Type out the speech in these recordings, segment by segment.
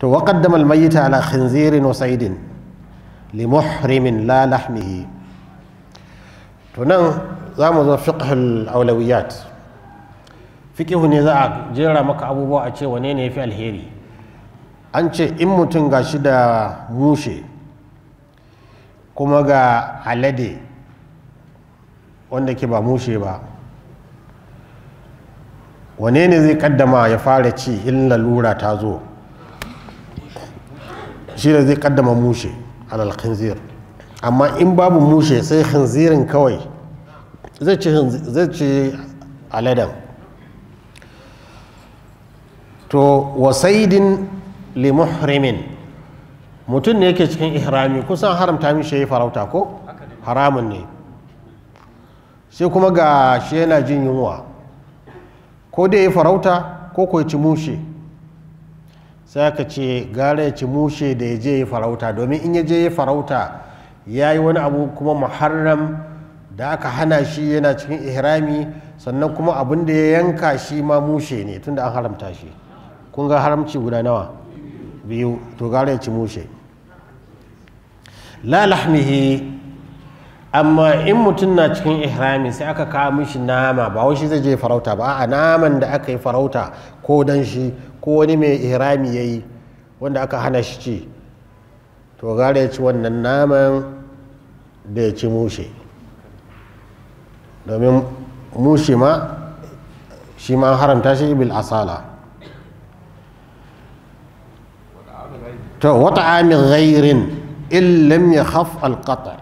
to wa qaddama al-mayyit ala khinzirin wa sa'idin li muhrimin la lahmihi to nan za mu zo fiqh al-awlawiyat fiqh ne za a jera maka abubuwa a ce wane ne yafi alheri an ce in mutum gashi da mushe kuma ga alade wanda ke ba mushe ba wane ne zai kaddama ya fara ci in lalura ta zo shi ne zai kaddama mushe alal khinzir amma in babu mushe sai khinzirin kawai zai ci aladen to wasaidin limuhrimin mutum ne yake cikin ihrami kusan haramta mishi ya yi farauta ko haramun ne sai kuma ga shi yana jin yunwa ko dai ya farauta ko ko ci mushe sai aka ce gara ya ci mushe da ya je ya farauta domin in ya je ya farauta ya yi wani abu kuma muharram da aka hana shi yana cikin ihrami sannan kuma abin da ya yanka shi ma mushe ne tunda an haramta shi kun ga haramci guda nawa biyu to gara ya ci mushe la lahmihi amma in mutum na cikin ihrami sai aka kawo mishi nama ba wai shi zai je farauta ba a naman da aka yi farauta ko dan shi ko wani mai ihrami ya yi wanda aka hana shi ci to gara ya ci wannan naman da ya ci mushe domin mushe ma shi ma haramta shi bil asala to wata amin ghairin illam ya khaf qata'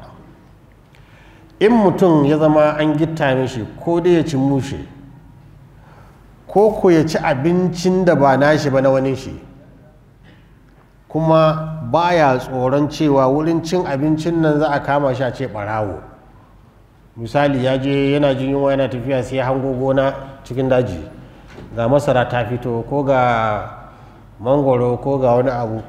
in mutum ya zama an gitta mishi ko dai ya ci mushe ko ku ya ci abincin da ba nashi ba na wani shi kuma baya tsoron cewa wurin cin abincin nan za a kama shi a ce barawo misali ya je yana jin yunwa yana tafiya sai hango gona cikin daji ga masara ta fito ko ga mangoro ko ga wani abu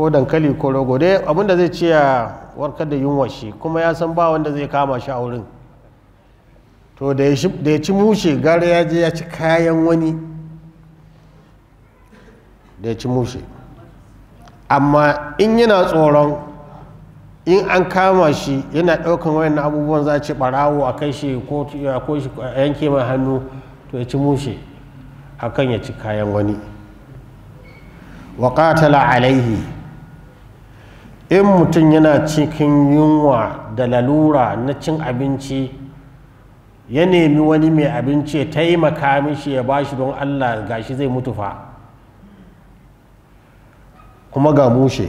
ko dankali ko rogo dai abinda zai ce ya warkar da yunwa shi kuma ya san ba wanda zai kama shi a wurin to da ya ci mushe gara ya je ya ci kayan wani da ya ci mushe amma in yana tsoron in an kama shi yana ɗaukan wayan abubuwan za a ci ɓarawo a kai shi ko a yanke mai hannu to ya ci mushe a kan ya ci kayan wani wa alaihi in mutum yana cikin yunwa da lalura na cin abinci ya nemi wani mai abinci ya taimaka mishi ya bashi don allah gashi zai mutu fa kuma ga mushe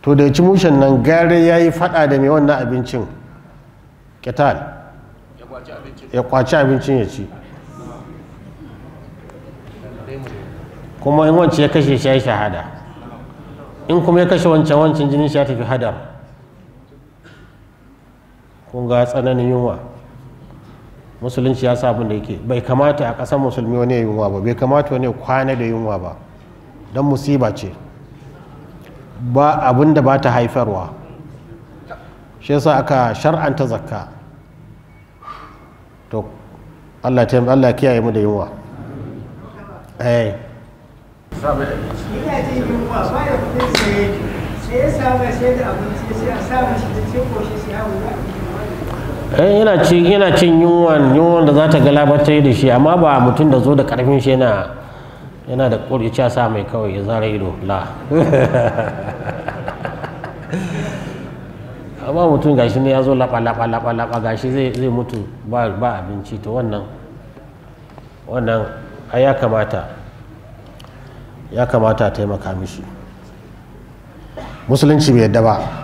to da ci mushen nan gare ya yi fada da mai wannan abincin ketal ya kwaci abincin ya ci kuma in wance ya kashe shi ya shahada in kuma ya kashe wancan wancan jinin shi ya tafi hadar kun ga tsananin yunwa musulunci ya sabu da yake bai kamata a ƙasar musulmi wani ya yunwa ba bai kamata wani kwana da yunwa ba don musiba ce ba abin da ba ta haifarwa shi yasa aka shar'anta zakka to allah kiyaye mu da yunwa eh. saba da yunwa ba da sai da abinci sai a da koshi eh, yana cin yunwan yunwan da za ta galabatar da shi amma ba mutum da zo da karfin shi yana yana da ƙuriciya sa mai kawai ya zara ido la amma mutum gashi ne ya zo lapa lapa lapa lapa gashi zai mutu ba abinci to wannan wannan ya kamata ya kamata a taimaka mishi musulunci bai yadda ba